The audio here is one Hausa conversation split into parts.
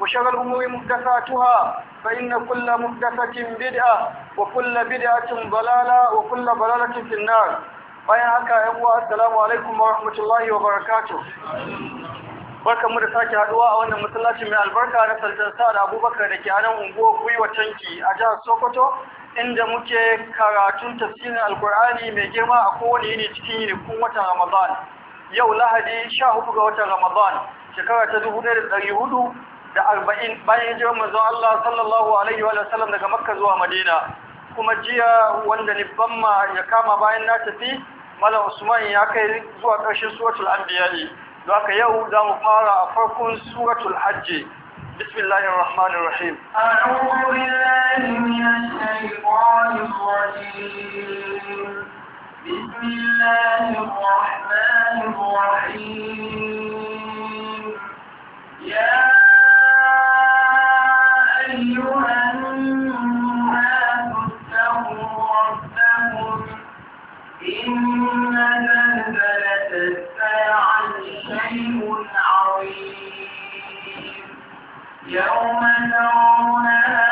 وشر الأمور محدثاتها فإن كل محدثة بدعة وكل بدعة ضلالة وكل ضلالة في النار bayan haka yawa assalamu alaikum wa rahmatullahi wa barakatuh mu da sake haduwa a wannan masallacin mai albarka na Sultan Sa'ad Abubakar da ke a nan unguwar Gwiwa Tanki a jihar Sokoto inda muke karatun tafsirin Alkur'ani mai girma a kowane yini cikin kun watan Ramadan yau Lahadi hudu ga watan Ramadan shekara ta hudu. da arba'in bayan hijirar mazan Allah sallallahu alaihi wa sallam daga makka zuwa madina kuma jiya wanda ni bamma ya kama bayan na tafi mala usman ya kai zuwa ƙarshen suratul anbiya don haka yau za mu fara a farkon suratul hajji بسم الله الرحمن الرحيم أعوذ بالله من الشيطان الرجيم بسم الله الرحمن الرحيم يا يوم ترونها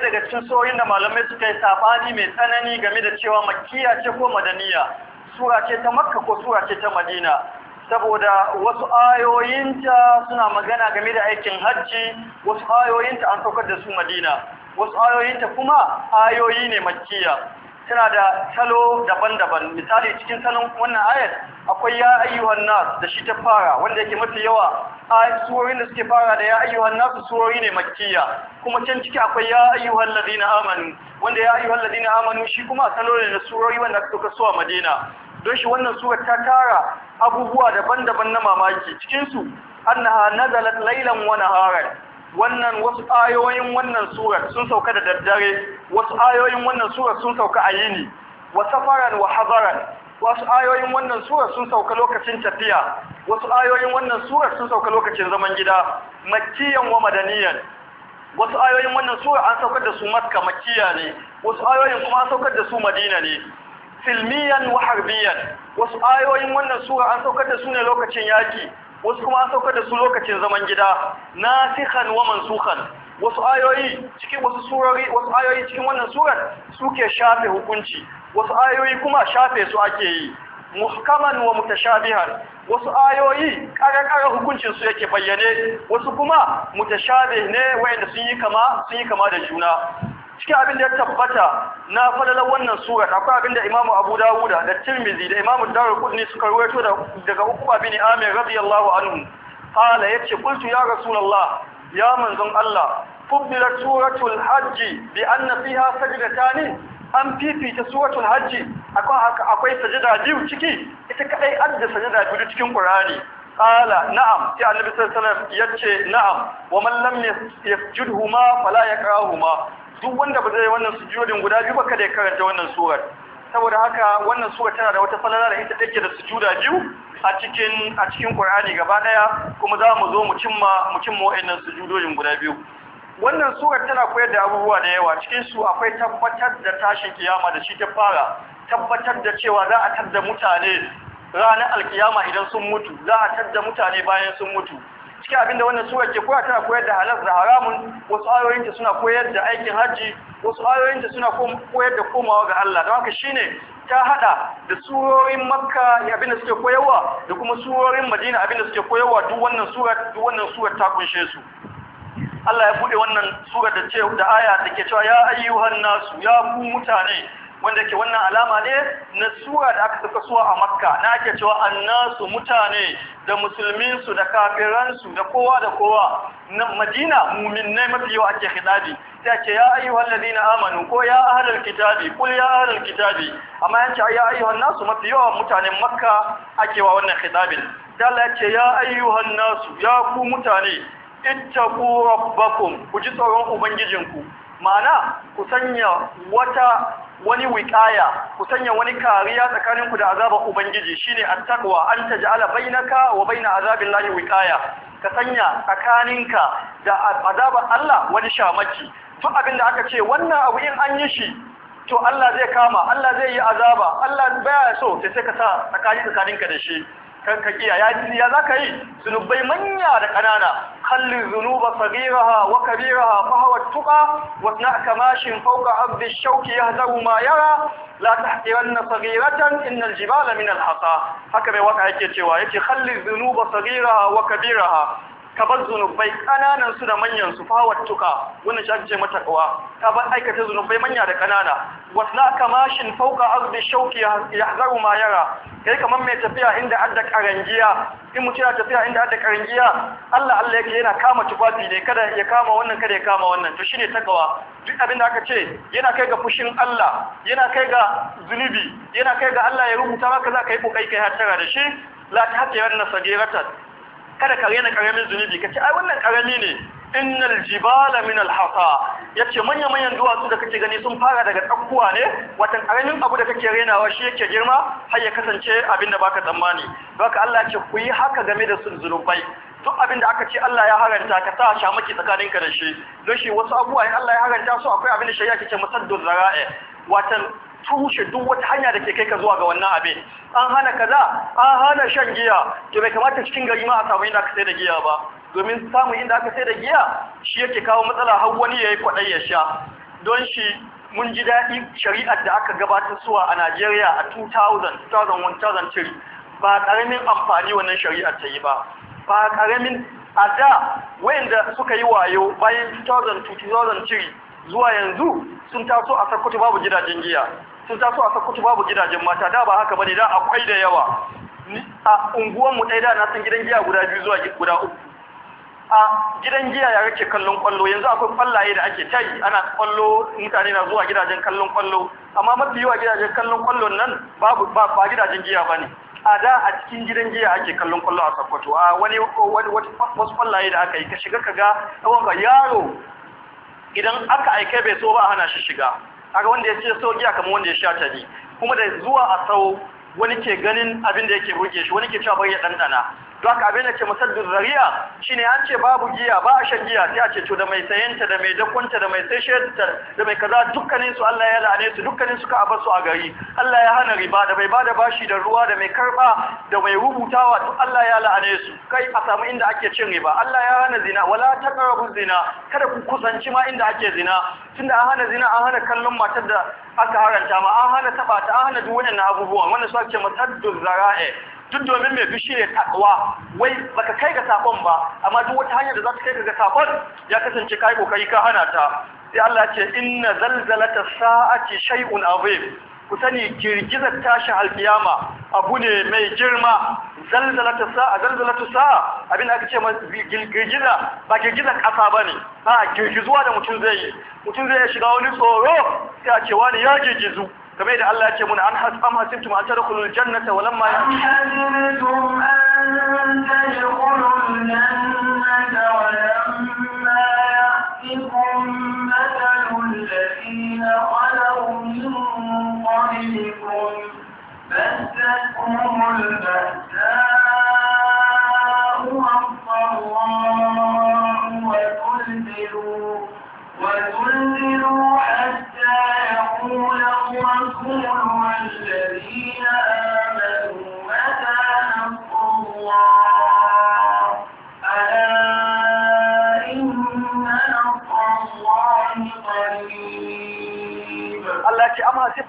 ɗaya daga cikin surorin da malamai suka yi sabani mai tsanani game da cewa Makiya ce ko madaniya sura ce ta makka ko sura ce ta madina saboda wasu ayoyinta suna magana game da aikin hajji wasu ayoyinta an saukar da su madina wasu ayoyinta kuma ayoyi ne Makiya. tana da salo daban-daban misali cikin salon wannan ayat akwai ya ayyuhan nas da shi ta fara wanda yake mafi yawa a suworin da suke fara da ya ayyuhan nas suwori ne makkiya kuma can ciki akwai ya ayyuhan ladina amanu wanda ya ayyuhan ladina amanu shi kuma salo ne da suwori wanda aka tuka suwa madina don shi wannan surar ta tara abubuwa daban-daban na mamaki cikinsu annaha nazalat laylan wa naharan wannan wasu ayoyin wannan surar sun sauka da daddare wasu ayoyin wannan surar sun sauka a yini wa safaran wa hazaran wasu ayoyin wannan surar sun sauka lokacin tafiya wasu ayoyin wannan surar sun sauka lokacin zaman gida makkiyan wa madaniyan wasu ayoyin wannan surar an saukar da su makka makkiya ne wasu ayoyin kuma an saukar da su madina ne filmiyan wa harbiyan wasu ayoyin wannan sura an saukar da su ne lokacin yaki wasu kuma saukar da su lokacin zaman gida Na nasikhan wa mansukhan wasu ayoyi cikin wasu surori wasu ayoyi cikin wannan surar suke shafe hukunci wasu ayoyi kuma shafe su ake yi muhkaman wa mutashabihan wasu ayoyi karakara hukuncin su yake bayyane wasu kuma mutashabih ne wayanda sun yi kama sun yi kama da juna cikin abin da ya tabbata na falalar wannan sura akwai abin da imamu abu dawuda da tirmizi da imamu darar kudni suka ruwaito daga hukuma bin amir radiyallahu anhu kala ya ce kultu ya rasulallah ya manzon allah fubbilar suratul hajji bi an na fiha sajdatani an fifita suratul hajji akwai sajada biyu ciki ita kadai adda sajada biyu cikin qur'ani qala na'am sai annabi sallallahu alaihi wasallam yace na'am wa man lam yasjudhuma fala yakrahuma duk wanda ba zai wannan sujudin guda biyu ba kada ya karanta wannan surar saboda haka wannan sura tana da wata falala da ita take da sujuda biyu a cikin a cikin Qur'ani gaba daya kuma za mu zo mu cimma mu cimma wayannan sujudojin guda biyu wannan sura tana koyar da abubuwa da yawa cikin su akwai tabbatar da tashin kiyama da shi ta fara tabbatar da cewa za a tarda mutane ranar alkiyama idan sun mutu za a tadda mutane bayan sun mutu cikin abinda wannan suwa ke koya tana koyar da halal da haramun wasu ayoyinta suna koyar da aikin hajji wasu ayoyinta suna koyar da komawa ga Allah don haka shine ta hada da surorin makka abinda suke koyarwa da kuma surorin madina abinda suke koyarwa duk wannan sura duk wannan sura ta kunshe su Allah ya bude wannan sura da ce da aya da ke cewa ya ayyuhan nasu ya ku mutane wanda ke wannan alama ne na suwa da aka saka suwa a makka na ake cewa annasu mutane da musulminsu da kafiransu da kowa da kowa na madina muminai mafi yawa ake hidabi ta ce ya ayyuhal ladina amanu ko ya kitabi kul ya kitabi amma yace ya ayyuhan nasu mafi yawa mutanen makka ake wa wannan hidabin ta ce ya ayyuhan nasu ya ku mutane ittaqu rabbakum ku ji tsoron ubangijinku ma'ana ku sanya wata wani wiƙaya ku sanya wani kariya tsakanin ku da azabar ubangiji shine at-taqwa an taj'ala bainaka wa baina azabillahi wiqaya ka sanya tsakaninka da azabar Allah wani shamaki duk abin da aka ce wannan abu in an yi shi to Allah zai kama Allah zai yi azaba Allah baya so sai ka sa tsakani tsakaninka da shi kanka kiya ya ya zaka yi zunubai manya da kanana kalli zunuba sagiraha wa kabiraha fa huwa tuqa wa na kamashin fawqa abdi shawki yahzaru ma yara la tahqiranna sagiratan innal jibala min al hasa haka bai waka yake cewa yake kalli zunuba sagiraha wa kabiraha ka bar zunubai kananan su da manyan su fawar tuka wannan shi ake ce mata kawa ka bar aikata zunubai manya da kanana wasla kamashin fauka ardi shauki yahzaru ma yara kai kamar mai tafiya inda adda karangiya in mutum ya tafiya inda adda karangiya Allah Allah yake yana kama tufafi ne kada ya kama wannan kada ya kama wannan to shine takawa duk abin da aka ce yana kai ga fushin Allah yana kai ga zunubi yana kai ga Allah ya rubuta maka za ka yi kokai kai hattara da shi la ta hatiyanna sagiratan kada ka raina karamin zunubi ka ce ai wannan karami ne innal jibala min Ya yace manya manyan duwatsu da kake gani sun fara daga tsakkuwa ne watan karamin abu da kake rainawa shi yake girma har ya kasance abinda baka tsammani don Allah ce ku yi haka game da sun zunubai duk abinda aka ce Allah ya haranta ka sa shamaki tsakaninka da shi don shi wasu abuwa in Allah ya haranta su akwai abin da shari'a kike musaddu zara'i watan toshe duk wata hanya da ke kai ka zuwa ga wannan abin an hana kaza an hana shan giya to bai kamata cikin gari ma a samu inda aka sai da giya ba domin samun inda aka sai da giya shi yake kawo matsala har wani yayi kwadai ya sha don shi mun ji daɗi shari'ar da aka gabatar suwa a Najeriya a 2000 2001 2003 ba ƙaramin amfani wannan shari'ar ta yi ba ba ƙaramin a da wayanda suka yi wayo bayan 2000 2003 zuwa yanzu sun taso a sakkwato babu gidajen giya sun taso a sakkwato babu gidajen mata da ba haka bane da akwai da yawa a unguwan mu ɗaya da na san gidan giya guda biyu zuwa guda uku a gidan giya ya kake kallon kwallo yanzu akwai kwallaye da ake tayi ana kwallo mutane na zuwa gidajen kallon kwallo amma mafi yawa gidajen kallon kwallon nan babu ba gidajen giya bane a da a cikin gidan giya ake kallon kwallo a sakkwato a wani wasu kwallaye da aka yi ka shiga ka ga yaro idan aka aike bai so ba a hana shi shiga kaga wanda ya ce so giya kamar wanda ya sha ta ne kuma da zuwa a sau wani ke ganin abin da yake burge shi wani ke cewa bai ya ɗanɗana. don abinda abin da ke musaddin zariya shine an ce babu giya ba a shan giya sai a ce to da mai sayanta da mai dakonta da mai sayanta da mai kaza dukkanin su Allah ya la'ane su dukkanin su ka bar su a gari Allah ya hana riba da mai bada bashi da ruwa da mai karba da mai rubutawa duk Allah ya la'ane su kai a samu inda ake cin riba Allah ya hana zina wala taqrabu zina kada ku kusanci ma inda ake zina tunda an hana zina an hana kallon matar da aka haranta ma an hana taba ta an hana duk wannan abubuwan wannan su ake musaddin zara'i duk domin mai fushi ne takwa wai baka kai ga sakon ba amma duk wata hanyar da za ta kai ga sakon ya kasance kai kokari ka hana ta sai Allah ce inna zalzalata sa'ati shay'un azim ku sani girgizar tashi alkiyama abu ne mai girma zalzalata sa'a zalzalata sa'a abin da aka ce girgiza ba girgizar kasa bane ba girgizuwa da mutum zai yi mutum zai shiga wani tsoro sai a ce wani ya girgizu kamar da Allah ya ce muna an hasam hasibtum an tadkhulul jannata تدخلوا النار ولما يأتكم مثل الذين خلوا من قبلكم بس هم البأساء وأضروا وتزلوا وتزلوا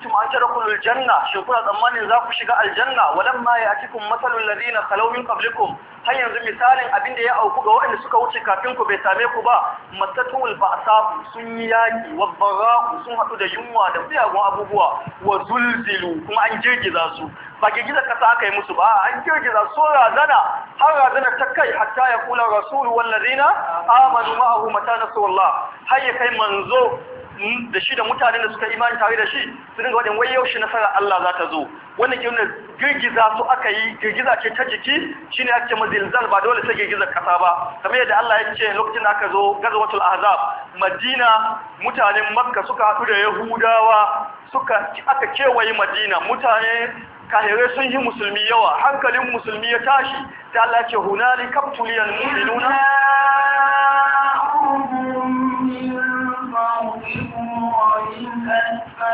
antum ajrakum aljanna shin kuna tsammanin za ku shiga aljanna walamma ya'tikum mathalul ladina khalaw min qablikum har yanzu misalin abin da ya auku ga waɗanda suka wuce kafin ku bai same ku ba matatul ba'sa sun yi yaki wa bara'u sun hadu da yunwa da miyagun abubuwa wa zulzilu kuma an girgiza su ba girgiza kasa aka yi musu ba an girgiza so razana har razana ta kai hatta ya kula rasulu wallazina amanu ma'ahu mata nasrullah har ya kai manzo da shi da mutanen da suka imani tare da shi su dinga wajen wai yaushe nasara Allah za ta zo wannan ke nuna girgiza su aka yi girgiza ce ta jiki shine ake mazilzal ba dole sai girgizar kasa ba kamar yadda Allah ya ce lokacin da aka zo gazawatul ahzab Madina mutanen Makka suka haɗu da Yahudawa suka aka kewaye Madina mutane kahirai sun yi musulmi yawa hankalin musulmi ya tashi da Allah ya ce hunali kaptuliyan mu'minuna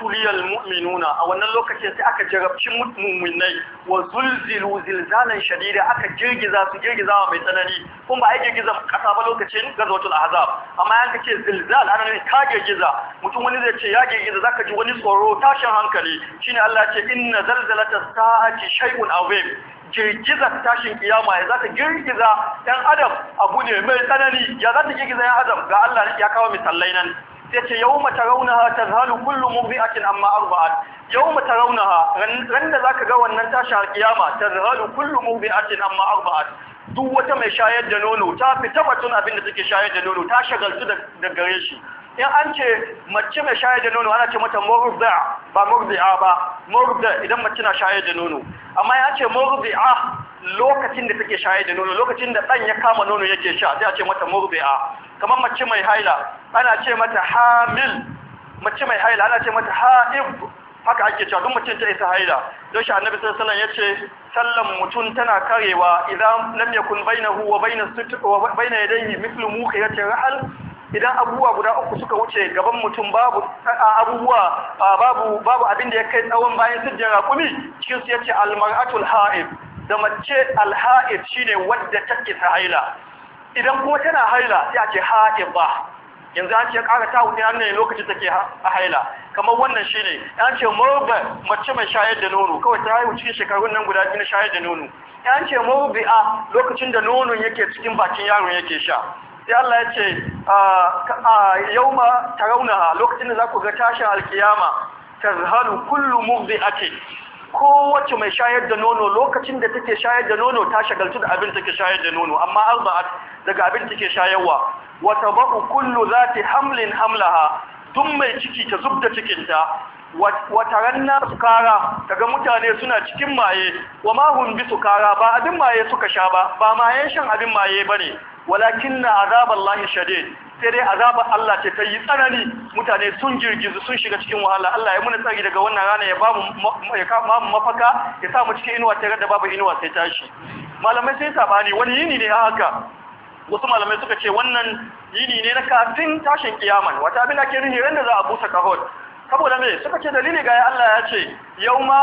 tuliyal mu'minuna a wannan lokacin sai aka jarabci mu'minai wa zulzilu zilzalan shadida aka girgiza su girgizawa mai tsanani kuma ba a girgiza kasa ba lokacin gazwatul ahzab amma yan kace zilzal ana ne ka girgiza mutum wani zai ce ya girgiza zaka ji wani tsoro tashin hankali shine Allah ya ce inna zalzalatas sa'ati shay'un azim girgizar tashin kiyama ya zaka girgiza adam abu ne mai tsanani ya zaka girgiza adam ga Allah ya kawo misalai nan sai ce yau mata raunaha ta zalu kullum murbi'atin amma arba'at yau mata raunaha ran da za ka ga wannan tashi har kiyama ta zalu kullum murbi'atin amma arba'at duk wata mai shayar da nono ta fita batun abin da take shayar da nono ta shagaltu da gare shi in an ce mace mai shayar da nono ana ce mata murda ba murdi'a ba murda idan mace na shayar da nono amma ya ce murdi'a lokacin da take shayar da nono lokacin da dan ya kama nono yake sha sai a ce mata murdi'a kamar mace mai haila ana ce mata hamil mace mai haila ana ce mata ha'ib haka ake cewa duk mace ta isa haila don shi annabi sallallahu alaihi wasallam yace sallan mutum tana karewa idan lam yakun bainahu wa baina wa baina yadayhi mithlu muqiyati rahal idan abubuwa guda uku suka wuce gaban mutum babu abubuwa babu babu abin da ya kai tsawon bayan sujjan rakumi cikin su yace almar'atul ha'ib da mace al-ha'i alha'id shine wadda ta isa haila idan kuma tana haila sai a ce ha'in ba yanzu an ce ƙara ta wuce annayin lokacin take a haila kamar wannan shi ne an ce morba mace mai shayar da nono kawai ta haihu cikin shekarun nan guda biyu na shayar da nono an ce morbi'a lokacin da nonon yake cikin bakin yaron yake sha sai Allah ya ce a yau ma ta raunaha lokacin da za ku ga tashin alkiyama ta zahalu kullum ake kowace mai shayar da nono lokacin da take shayar da nono ta shagaltu da abin take shayar da nono amma arba'at daga abin take shayarwa wata ba'u kullu zati hamlin hamlaha tun mai ciki ta zubda ta wata ranna sukara daga mutane suna cikin maye wa hun bi kara, ba abin maye suka sha ba ba mayen shan abin maye bane walakin na azaballahi shadid sai dai azabar Allah ce ta yi tsanani mutane sun girgizu sun shiga cikin wahala Allah ya muna tsari daga wannan rana ya ba mu mafaka ya sa mu cikin inuwa ta da babu inuwa sai tashi malamai sai sabani wani yini ne haka wasu malamai suka ce wannan yini ne na kafin tashin kiyaman wata abin da ke nuhi da za a busa kahon saboda me suka ce dalili ga Allah ya ce yau yauma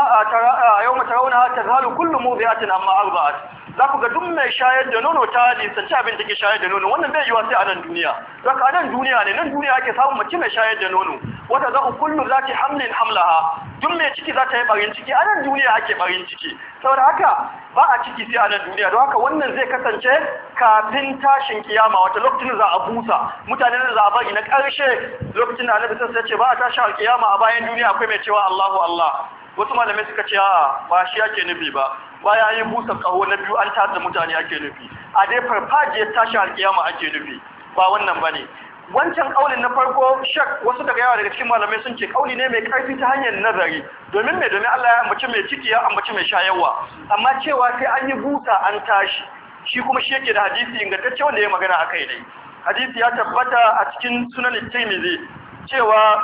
yauma tarawna tazhalu kullu mudhi'atin amma arba'at za ku ga duk mai shayar da nono ta nisanci abin da ke shayar da nono wannan bai yiwa sai a nan duniya zaka a nan duniya ne nan duniya ake samu mace mai shayar da nono wata za ku kullu za ki hamlin hamlaha duk mai ciki za ta yi barin ciki a nan duniya ake barin ciki saboda haka ba a ciki sai a nan duniya don haka wannan zai kasance kafin tashin kiyama wata lokacin za a busa mutane da za a bari na karshe lokacin da annabi ya ce ba a tashi kiyama a bayan duniya akwai mai cewa Allahu Allah wasu malamai suka ce a ba shi yake nufi ba baya yin busa kaho na biyu an tada mutane ake nufi a dai farfajiyar tashin kiyama ake nufi ba wannan bane wancan ƙaunin na farko shak wasu daga yawa daga cikin malamai sun ce kauli ne mai karfi ta hanyar nazari domin mai domin Allah ya ambaci mai ciki ya ambaci mai shayarwa amma cewa sai an yi buta an tashi shi kuma shi yake da hadisi ingantacce wanda ya magana akai ne hadisi ya tabbata a cikin sunan Tirmidhi cewa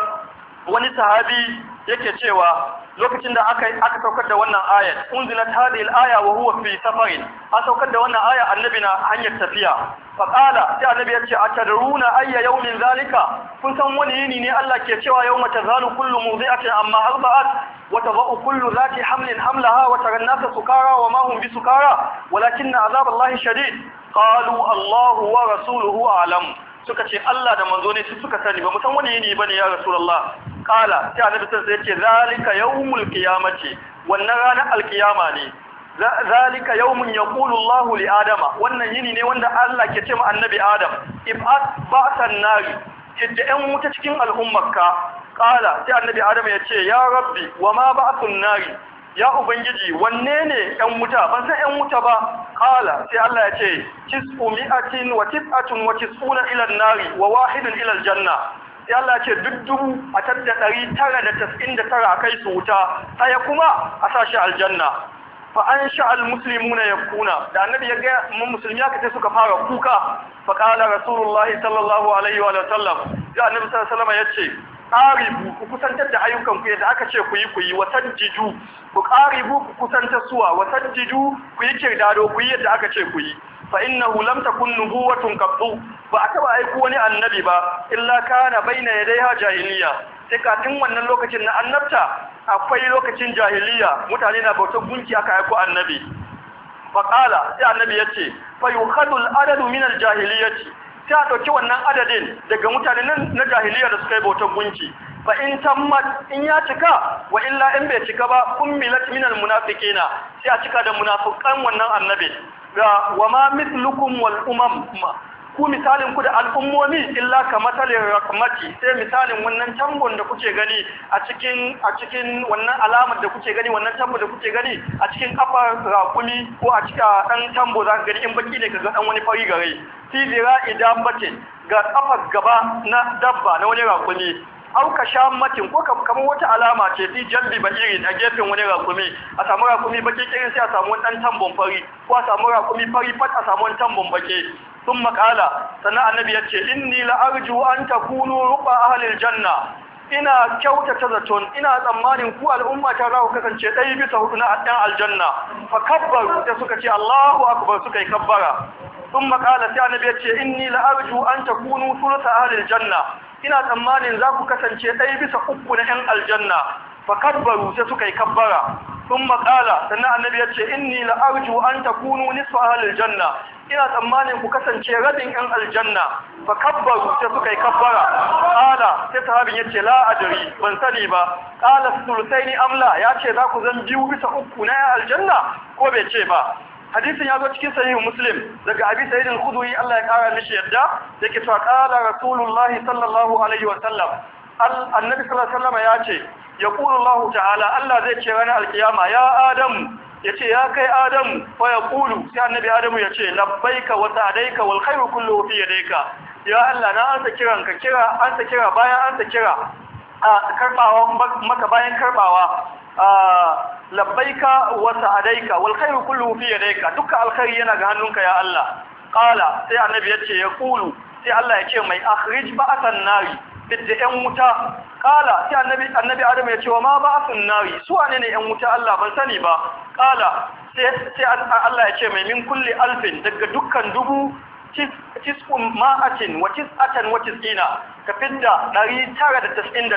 wani sahabi yake cewa lokacin da aka aka saukar da wannan ayat unzilat hadhihi al-aya wa huwa fi safarin an saukar da wannan aya annabi na hanyar tafiya fa qala sai annabi ya ce atadruna ayya yawmin zalika kun san wani yini ne Allah ke cewa yawma tazalu kullu mudhi'atin amma arba'at wa tadau kullu zati hamlin hamlaha wa tara an-nasa sukara wa ma hum bisukara walakinna azab Allah shadid qalu Allah wa rasuluhu a'lam suka ce Allah da manzo ne su suka sani ba mu san wani yini bane ya rasulullah kala sai annabi sai ya ce zalika yawmul qiyamati wannan ranar alkiyama ne zalika yawmun yaqulu Allah li adama wannan yini ne wanda Allah ke ce ma annabi adam ib'at ba'san nar yadda ɗan wuta cikin al'ummarka Ƙala, sai annabi adam ya ce ya rabbi wa ma ba'sun nari? ya ubangiji wanne ne ɗan wuta ban san ɗan wuta ba Ƙala, sai Allah ya ce tis'u atin wa tis'atun wa tis'una ila nari wa wahidun ila janna sai Allah ce duk dubu a tadda ɗari tara da tas'in da tara a kai su wuta ɗaya kuma a sa shi aljanna fa an na ya kuna. da annabi ya gaya mun musulmi aka ce suka fara kuka fa qala rasulullahi sallallahu alaihi wa sallam ya annabi sallallahu alaihi ce, sallam yace ku kusantar da ayyukan ku yadda aka ce ku yi ku yi watan jiju ku ƙaribu ku kusantar suwa watan jiju ku yi kirdado ku yi yadda aka ce ku yi fa innahu lam takun nubuwatun kabdu? ba a taba aiko wani annabi ba illa kana baina ha jahiliya sai tun wannan lokacin na annabta akwai lokacin jahiliya mutane na bautar gunki aka aiko annabi faqala sai annabi yace fa yukhadu adadu min al sai a ɗauki wannan adadin daga mutane nan na jahiliya da suka yi bautar gunki fa in tammat in ya cika wa illa in bai cika ba kun milat minal munafiqina sai a cika da munafiqan wannan annabi da wa ma mislukum wal umam ku misalin ku da al'ummomi illa ka matalin rahmati sai misalin wannan tangon da kuke gani a cikin a cikin wannan alamar da kuke gani wannan tambo da kuke gani a cikin kafar rakumi ko a cikin dan tambo za ka gani in baki ne ka ga dan wani fari gare fi zira idan bace ga kafar gaba na dabba na wani rakumi auka shammatin ko kamar wata alama ce fi jalbi bakirin a gefen wani rakumi a samu rakumi baki kirin sai a samu wani dan tambon fari ko a samu rakumi fari fat a samu wani tambon baki sun makala sannan annabi ya ce inni la'arju an takunu ruba ahlil janna ina kyautata zaton ina tsammanin ku al'umma ta za ku kasance ɗaya bisa hudu na ɗan aljanna fa kabbaru da suka ce Allahu akbar suka yi kabbara sun makala sai annabi ya ce inni la'arju an takunu thulutha ahlil janna ina tsammanin za ku kasance ɗaya bisa uku na 'yan aljanna fakabbaru sai suka yi kabbara sun makala sannan annabi ya ce inni la'arju an takunu nisfa ahlil janna ina tsammanin ku kasance rabin 'yan aljanna fakabbaru sai suka yi kabbara kala sai sahabin ya ce la ban sani ba kala sulsaini amla ya ce za ku zan biyu bisa uku na 'yan aljanna ko bai ce ba hadisin ya zo cikin sahihu muslim daga abi sa'id al Allah ya kara mishi yadda yake cewa qala rasulullahi sallallahu alaihi wa sallam annabi sallallahu alaihi wa sallam ya ce yaqulu Allah ta'ala Allah zai ce ranar alkiyama ya adam yace ya kai adam fa yaqulu sai annabi adamu yace labbaika wa sa'daika wal khairu kulluhu fi yadayka ya Allah na ansa kiranka kira ansa kira bayan ansa kira karbawa maka bayan karbawa labbaika wa sa'adaika wal khairu kulluhu fi yadayka dukkan alkhairi yana ga hannunka ya Allah qala sai annabi yace ya kulu sai Allah ya ce mai akhrij ba'atan nari bidda yan wuta qala sai annabi annabi adam ya ce wa ma ba'atun nari su wane ne yan wuta Allah ban sani ba qala sai sai Allah ya ce mai min kulli alfin daga dukkan dubu tis'un ma'atin wa tis'atan wa tis'ina ka fidda 999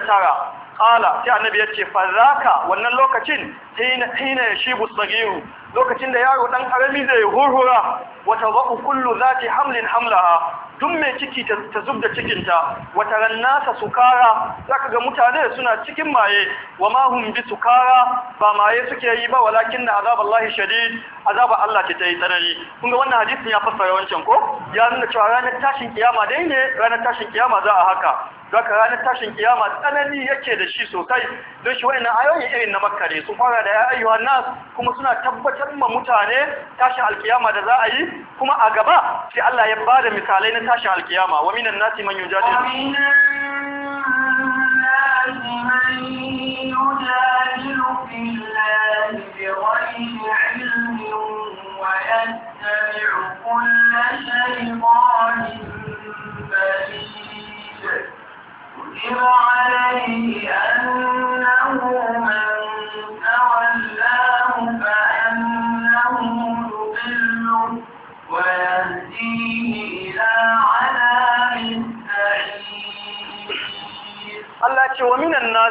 kala sai annabi yace fa zaka wannan lokacin hina hina shibu sagiru lokacin da yaro dan karami zai hurhura wata za'u kullu zati hamlin hamlaha tun mai ciki ta zubda cikinta wata rannasa sukara zaka ga mutane suna cikin maye wa ma hum bi sukara ba maye suke yi ba walakin na Allah shadid azab Allah ce ta yi tsanani kun ga wannan hadisin ya fassara wancan ko ya nuna cewa ranar tashin kiyama dai ne ranar tashin kiyama za a haka zaka ranar tashin kiyama tsanani yake da shi sosai don shi wayannan ayoyi irin na makka su fara da ya ayyuhan nas kuma suna tabbatar tabbatar ma mutane tashin alkiyama da za a yi kuma a gaba sai Allah ya bada misalai na tashin alkiyama wa minan nasi man yujadilu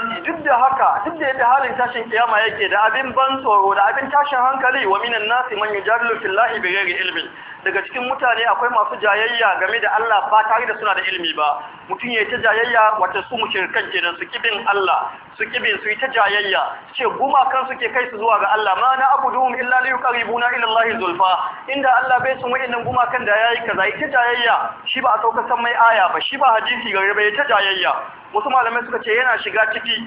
nasi duk da haka duk da yadda halin tashin kiyama yake da abin ban tsoro da abin tashin hankali wa minan nasi man yujadilu fillahi bighayri ilmi daga cikin mutane akwai masu jayayya game da Allah ba tare da suna da ilimi ba mutum ya ta jayayya wata su mushrikan kenan su kibin Allah su kibin su yi ta jayayya ce guma kan su ke kai su zuwa ga Allah ma na duhun illa li yuqarribuna ila Allah zulfa inda Allah bai sun muinnan guma kan da yayi kaza ta jayayya shi ba a saukasan mai aya ba shi ba hadisi gare ba ta jayayya wasu malamai suka ce yana shiga ciki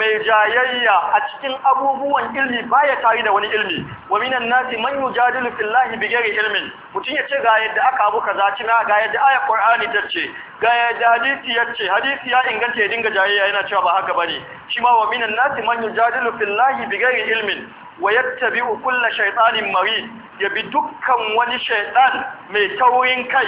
mai jayayya a cikin abubuwan ilmi baya tare da wani ilmi wa minan nasi man yujadilu fillahi bighairi ilmin mutum ya ce ga yadda aka abu kaza cina ga yadda ayat qur'ani tace ga yadda hadisi ya ce hadisi ya inganta ya dinga jayayya yana cewa ba haka bane shi ma wa minan nasi man yujadilu fillahi bighairi ilmin wa yattabi'u kulla shaytanin marid ya bi dukkan wani shaytan mai taurin kai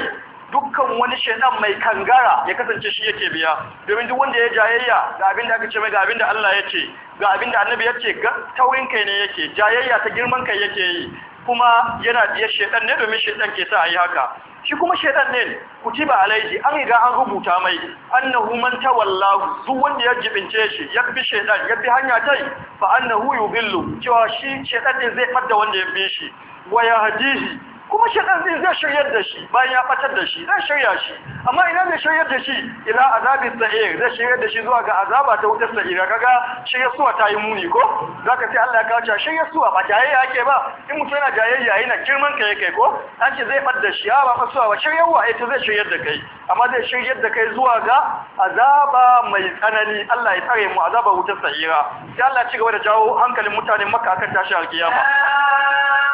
dukkan wani shaytan mai kangara ya kasance shi yake biya domin duk wanda ya jayayya ga abin da aka ce mai ga abin da Allah ya ce ga abin da annabi ya ce ga tauyin kai ne yake jayayya ta girman kai yake yi kuma yana biyar shaitan ne domin shaitan ke sa a yi haka shi kuma shaitan ne kutiba alaihi an riga an rubuta mai annahu man tawallahu duk wanda ya jibince shi ya bi shaitan ya bi hanya tai fa annahu yubillu cewa shi shaitan din zai fadda wanda ya bi shi wa yahdihi kuma shi zai zai shiryar da shi bayan ya fatar da shi zai shirya shi amma ina zai shiryar da shi ila azabin zai shiryar da shi zuwa ga azaba ta wutar sa'ira kaga shirya suwa ta yi muni ko zaka sai Allah ya kawo cewa shirya suwa ba jayayya ake ba in mutum yana jayayya yana girman ka kai ko an ce zai fadda shi ya ba suwa ba wa? ai ta zai shiryar da kai amma zai shiryar da kai zuwa ga azaba mai tsanani Allah ya tsare mu azaba wutar sa'ira sai Allah ci gaba da jawo hankalin mutanen Makka akan tashi alkiyama ah!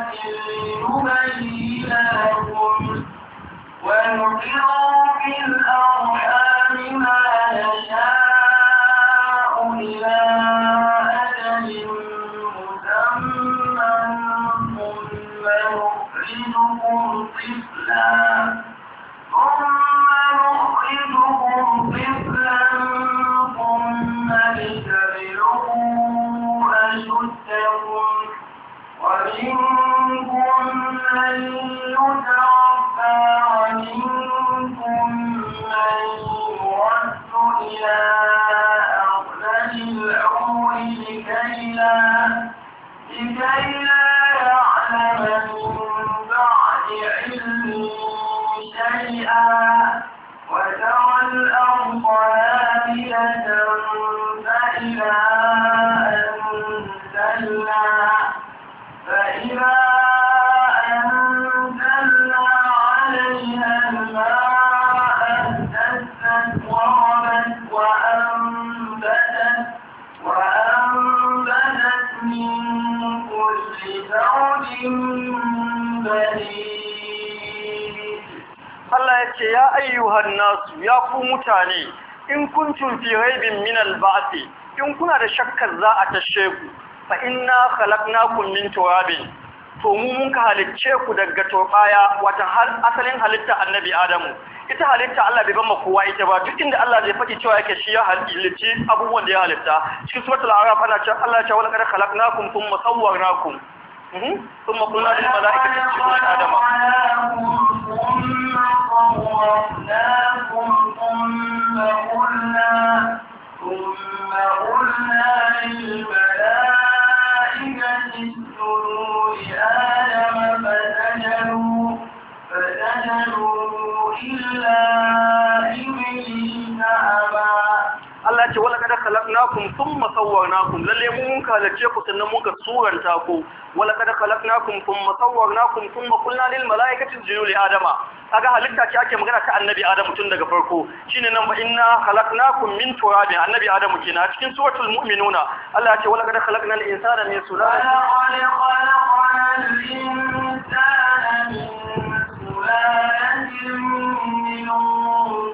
نبين ونقر في الأرحام ما نشاء Gracias. ku mutane in kuntum fi raibin min al-ba'thi in kuna da shakkar za a tashe ku fa inna khalaqnakum min turabin to mu mun ka halicce ku daga turbaya wata har asalin halitta annabi Adamu ita halitta Allah bai bamma kowa ita ba duk inda Allah zai faɗi cewa yake shi ya halicci abubuwan da ya halitta cikin suratul a'raf ana cewa Allah ya ce wa laqad khalaqnakum thumma sawwarnakum ثم قلنا للملائكة اسجدوا Adama. آدم فسجدوا فسجدوا إلا إبليس أبى Allah ce wala kada khalaqnakum thumma sawwarnakum lalle mu mun kalace ku sannan muka suranta ku wala kada khalaqnakum thumma sawwarnakum thumma qulna lil malaikati isjudu li adama kaga halitta ce ake magana ta annabi adam tun daga farko shine nan fa inna khalaqnakum min turabin annabi adam kenan a cikin suratul mu'minuna Allah ce wala kada khalaqnal insana min sulalah الإنسان من سلالة من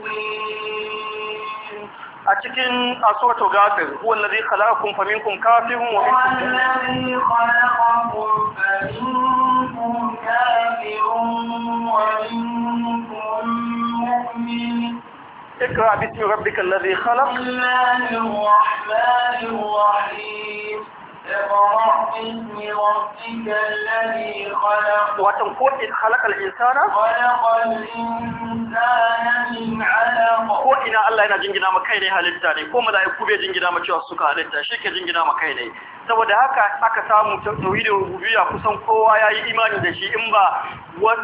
طين أتكن أسورة غافر هو الذي خلقكم فمنكم كافر ومنكم هو الذي خلقكم فمنكم كافر ومنكم مؤمن اقرأ باسم ربك الذي خلق بسم الله الرحمن الرحيم اقرأ باسم ربك الذي خلق ko ina Allah yana jingina ma kai ne halitta ne ko maza mala'iku kube jingina maka cewa suka halitta shi ke jingina ma kai ne saboda haka aka samu tauhidin rububiyya kusan kowa ya yi imani da shi in ba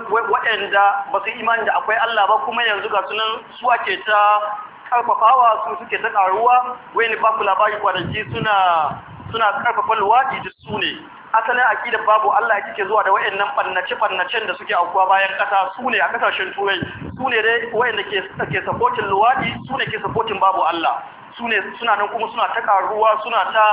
waɗanda ba su imani da akwai Allah ba kuma yanzu ga sunan su ke ta karfafawa su suke ta ƙaruwa? wani ba ku labari kwanaki suna suna karfafa luwadi duk su ne asalin aqidar babu Allah ya kike zuwa da wayannan bannace bannacen da suke aukuwa bayan kasa su ne a kasashen turai su ne dai wayanda ke ke supporting luwaɗi su ne ke supporting babu Allah su ne suna nan kuma suna ta karuwa suna ta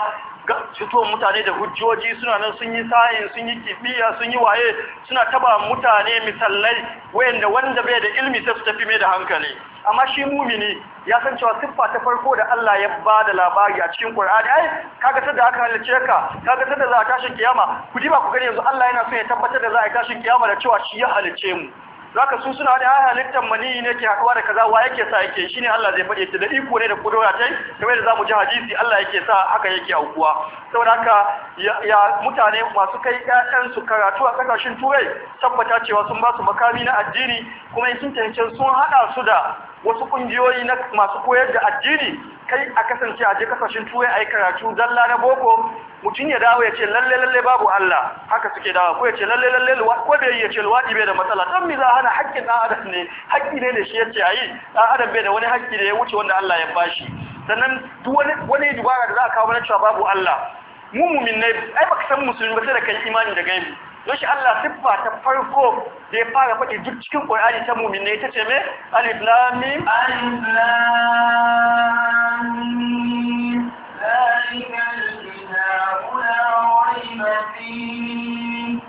fito mutane da hujjoji suna nan sun yi sayin sun yi kibiya sun yi waye suna taba mutane misallai wayanda wanda bai da ilmi sai su tafi mai da hankali amma shi mumini ya san cewa siffa ta farko da Allah ya ba da labari a cikin Qur'ani ai kaga tada aka halice ka kaga tada za a tashi kiyama ku diba ku gani yanzu Allah yana so ya tabbatar da za a tashi kiyama da cewa shi ya halice mu zaka su suna da ai halittar mani ne ke hakawa da kaza wa yake sa yake shine Allah zai fade ta da iko ne da kudura tai kamar da zamu ji hadisi Allah yake sa haka yake aukuwa saboda haka ya mutane masu kai ƴaƴan su karatu a kasashen turai tabbata cewa sun ba su makami na addini kuma sun tantance sun hada su da wasu kungiyoyi na masu koyar da addini kai a kasance a je kasashen turai a yi karatu zalla na boko mutum ya dawo ya ce lalle lalle babu Allah haka suke dawa ko ya ce lalle lalle ko bai ya ce luwaɗi bai da matsala Don mi za a hana haƙƙin ɗan adam ne haƙƙi ne da shi ya ce a yi ɗan adam bai da wani haƙƙi da ya wuce wanda Allah ya bashi sannan duk wani dubara da za a kawo na cewa babu Allah mu mumin ne ai baka san musulmi ba sai da kai imani da gaibi shi Allah siffa ta farko da ya fara faɗi duk cikin Qur'ani ta mumin ne ita ce me alif lam mim alif lam mim zalika